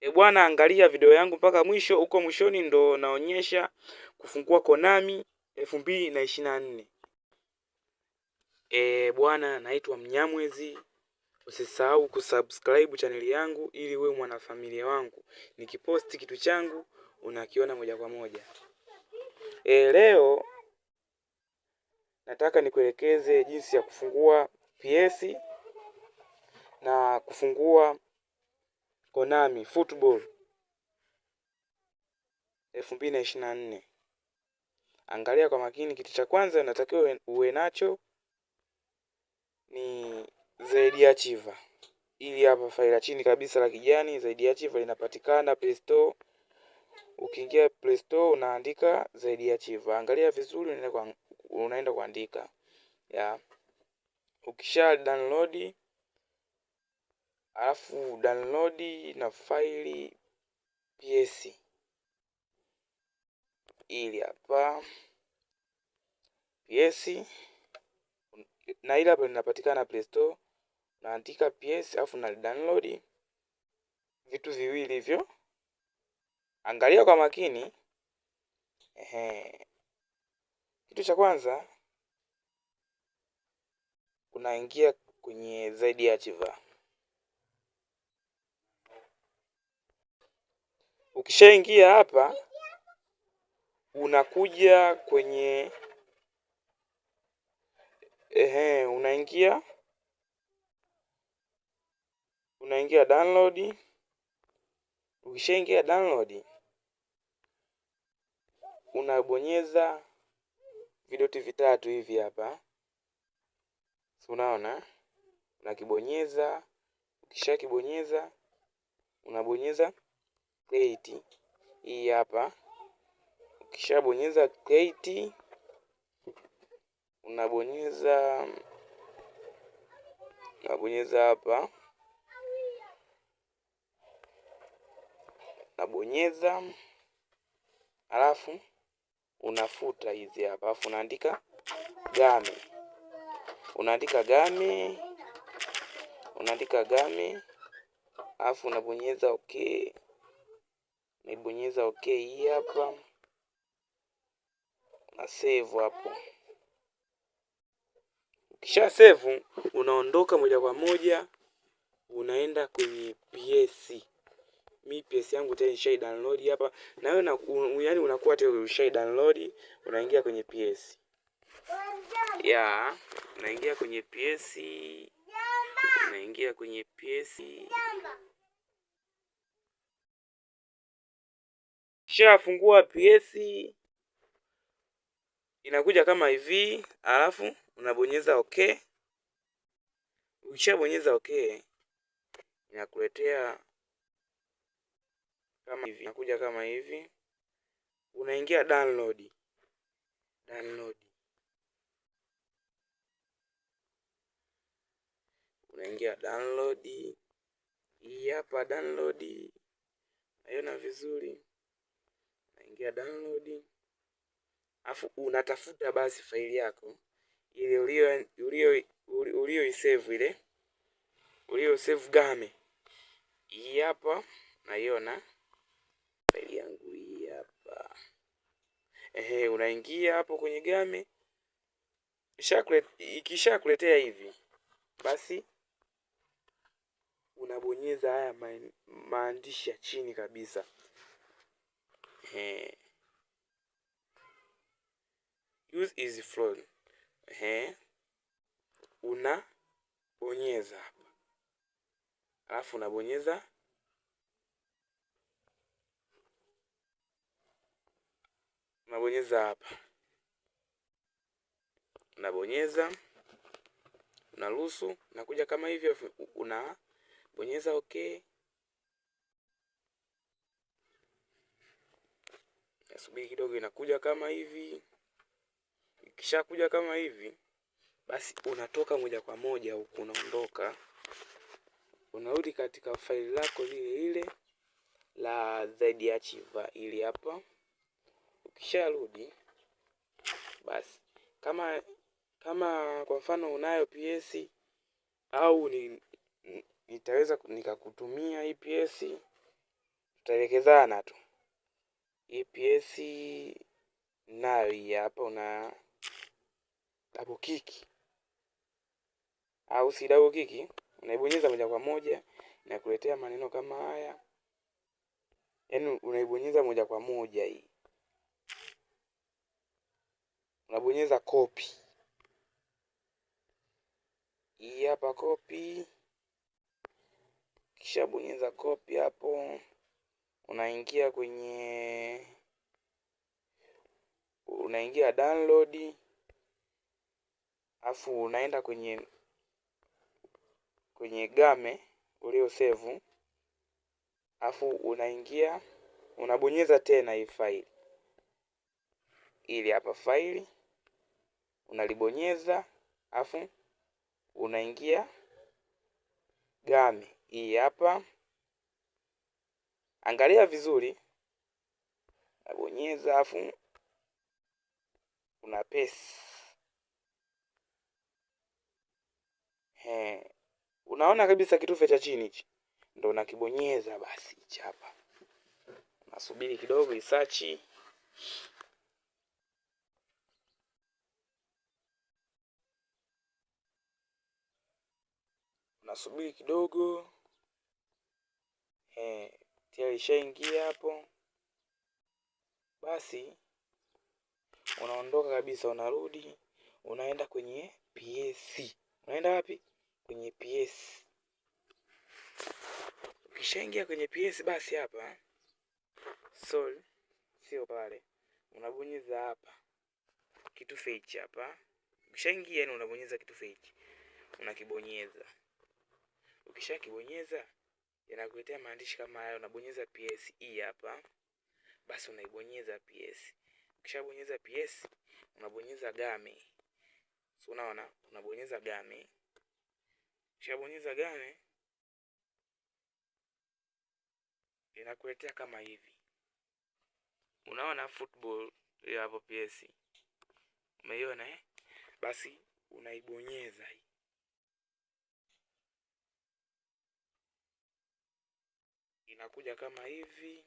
E bwana, angalia video yangu mpaka mwisho. Huko mwishoni ndo naonyesha kufungua Konami elfu mbili na ishirini na nne. E bwana, naitwa Mnyamwezi. Usisahau kusubscribe chaneli yangu ili uwe mwanafamilia wangu, nikiposti kitu changu unakiona moja kwa moja. E, leo nataka nikuelekeze jinsi ya kufungua PS na kufungua Konami Football 2024. Angalia kwa makini, kitu cha kwanza unatakiwa uwe nacho ni zaidi chiva ili hapa faili la chini kabisa la kijani zaidi chiva linapatikana Play Store. Ukiingia Play Store unaandika zaidi chiva angalia vizuri, unaenda unaenda kuandika ya yeah. Ukisha download alafu download na faili ps ili hapa ps na ile hapa linapatikana Play Store, naandika ps alafu na download vitu viwili hivyo, angalia kwa makini. Ehe, kitu cha kwanza unaingia kwenye zaidi ya Archiver Ukishaingia hapa unakuja kwenye ehe, unaingia unaingia download. Ukishaingia download unabonyeza vidoti vitatu hivi hapa, si unaona? Unakibonyeza, ukishakibonyeza unabonyeza create hii hapa. Ukishabonyeza create, unabonyeza unabonyeza hapa, unabonyeza alafu unafuta hizi hapa, alafu unaandika game, unaandika game, unaandika game, alafu unabonyeza okay naibonyeza ok hii hapa na save hapo. Ukisha save unaondoka moja kwa moja unaenda kwenye PC. Mi PC yangu tayari nisha download hapa, na wewe un, yani unakuwa tayari ushai download, unaingia kwenye PS ya unaingia kwenye PC unaingia kwenye PS. Ukishafungua PS inakuja kama hivi, alafu unabonyeza okay. Ukishabonyeza okay, inakuletea kama hivi, inakuja kama hivi, unaingia download, download unaingia download. Hii hapa download, naiona vizuri ingia download, afu unatafuta basi faili yako ile ulio ulioisave ile save game. Hii hapa naiona faili yangu hii hapa. Ehe, unaingia hapo kwenye game, ikishakuletea hivi basi unabonyeza haya maandishi ya chini kabisa. Ehe. Use easy flow. Ehe. Unabonyeza hapa, alafu unabonyeza unabonyeza hapa, unabonyeza unaruhusu, nakuja kama hivyo, unabonyeza okay. Subiri kidogo, inakuja kama hivi. Ikishakuja kama hivi, basi unatoka moja kwa moja huku, unaondoka, unarudi katika faili lako lile lile la ZD Archive ili hapa. Ukisharudi basi, kama kama kwa mfano unayo PS au ni nitaweza nikakutumia hii PS, tutaelekezana tu. EPS nayo hii hapa, una double kick au si double kick, unaibonyeza moja kwa moja inakuletea maneno kama haya, yaani unaibonyeza moja kwa moja hii unabonyeza copy. Hii hapa copy, kisha bonyeza copy hapo unaingia kwenye unaingia download afu unaenda kwenye kwenye game ulio save afu unaingia unabonyeza tena hii faili ili hapa faili unalibonyeza afu unaingia game hii hapa Angalia vizuri, nabonyeza afu kuna pesi he, unaona kabisa kitufe cha chini hichi, ndio unakibonyeza basi hichi hapa. Nasubiri kidogo isachi nasubiri kidogo eh tayari ishaingia hapo, basi unaondoka kabisa, unarudi unaenda kwenye PS. Unaenda wapi? Kwenye PS. Ukishaingia kwenye PS basi hapa so sio pale, unabonyeza hapa kitufe hichi hapa. Ukishaingia ni unabonyeza kitufe hichi, unakibonyeza. Ukishakibonyeza inakuletea maandishi kama haya, unabonyeza ps hii e hapa, basi unaibonyeza PS. E. Ukishabonyeza PS e, unabonyeza game, so unaona, unabonyeza game. Ukishabonyeza game inakuletea kama hivi, unaona football hapo PS, umeiona eh? Basi unaibonyeza hii inakuja kama hivi.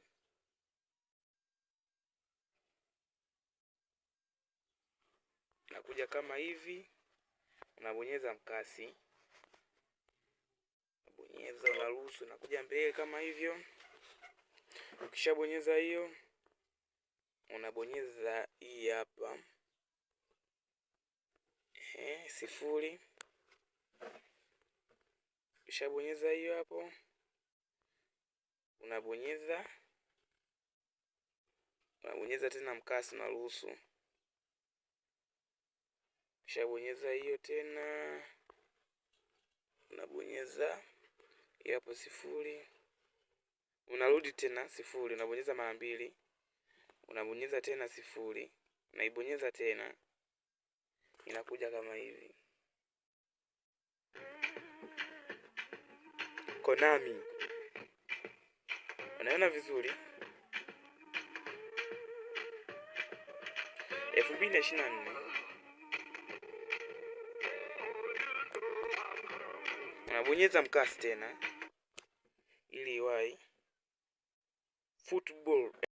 Inakuja kama hivi, unabonyeza mkasi, unabonyeza, unaruhusu, inakuja mbele kama hivyo. Ukishabonyeza hiyo, unabonyeza hii hapa eh, sifuri. Ukishabonyeza hiyo hapo unabonyeza unabonyeza tena mkasi, na ruhusu ukishabonyeza hiyo tena unabonyeza hiyo hapo sifuri, unarudi tena sifuri, unabonyeza mara mbili, unabonyeza tena sifuri, unaibonyeza tena, inakuja kama hivi Konami. Unaona vizuri? elfu mbili na unabonyeza mkasi tena ili iwai football